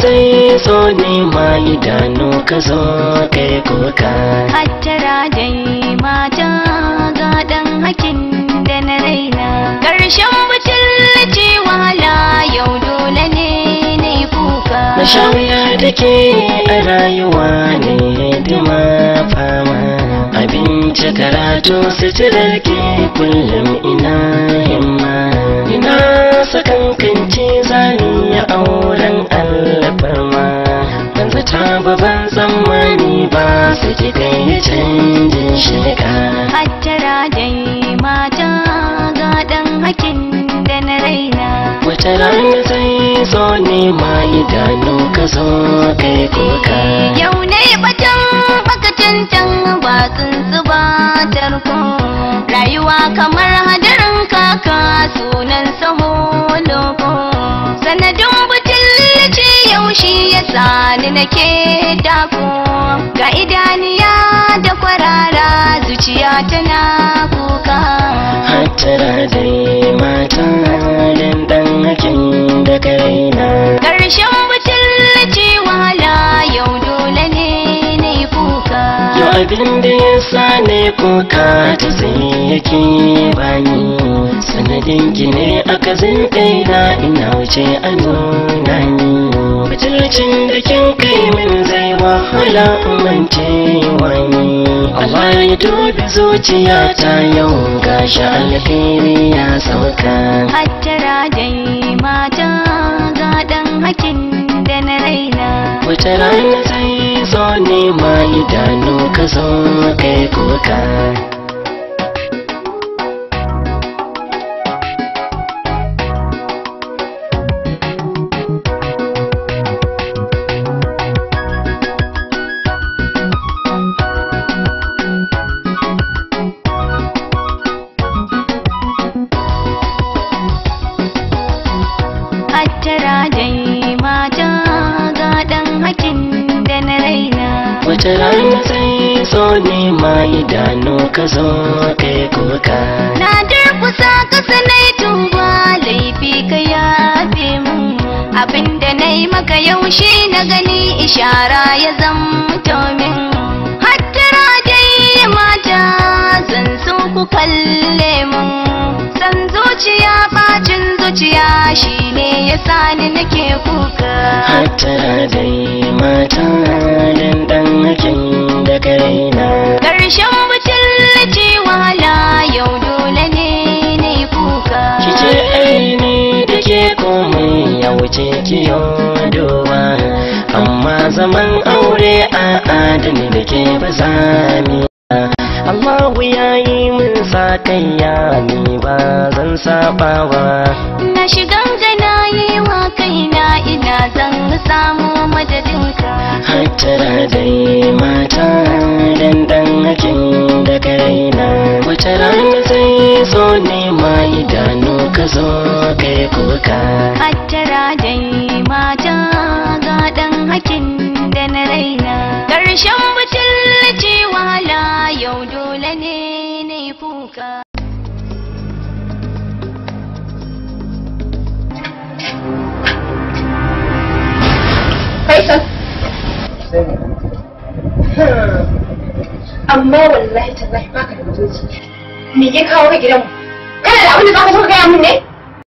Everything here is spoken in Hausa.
sai so ne ma idanu ka zo kai kuka hattara dai mata ga hakin da na raina karshen butulci wahala yau dole ne na kuka na sha da ke a rayuwa ne hidima fama abinci karatu suturar ke kullum ina yamma? ina alfarma ban zata ba ban tsammani ba su ki kai canjin shiga hattara dai mata ga dan hakin da na raina wata rana sai zo ne ma idanu ka zo kai kuka sani nake dako ga idaniya da kwarara zuciya tana kuka hatara dai mata dan dan hakin da kaina karshen butulci wahala yau dole ne na kuka yau abin da ya sani kuka ta zai yake bani sanadin gine ne aka zin kaina ina wuce a nuna lokacin da kin kai min zai wahala mance wani Allah ya dubi zuciya ta yau ga shi alheri ya sauka hajjara dai mata ga dan hakin da na raina wata rana zai zo ne ma idanu ka zo kai kuka wata rana sai so ne ma idanu ka zo kai kuka na kusa ka sanai tuba laifi ka yafe mu abinda na yi maka yaushe na gani ishara ya zama zuciya shi ne ya sani nake kuka hatta dai mata dan dan nake da kaina karshen butulci wahala yau dole ne ne kuka kike aini dake komai ya wuce kiyo duba amma zaman aure a adani dake ke ba za Allah ratayya ni ba zan saba ba na shigan gana yi wa kaina ina zan samu madadinka hattara dai mata dan dan hakin da kaina wata rana sai so ne ma idanu ka zo kai kuka hattara dai mata amma wallahi zai baka da mutunci me ya kawo ka gidanmu kana da abin da zaka so ka gaya mun ne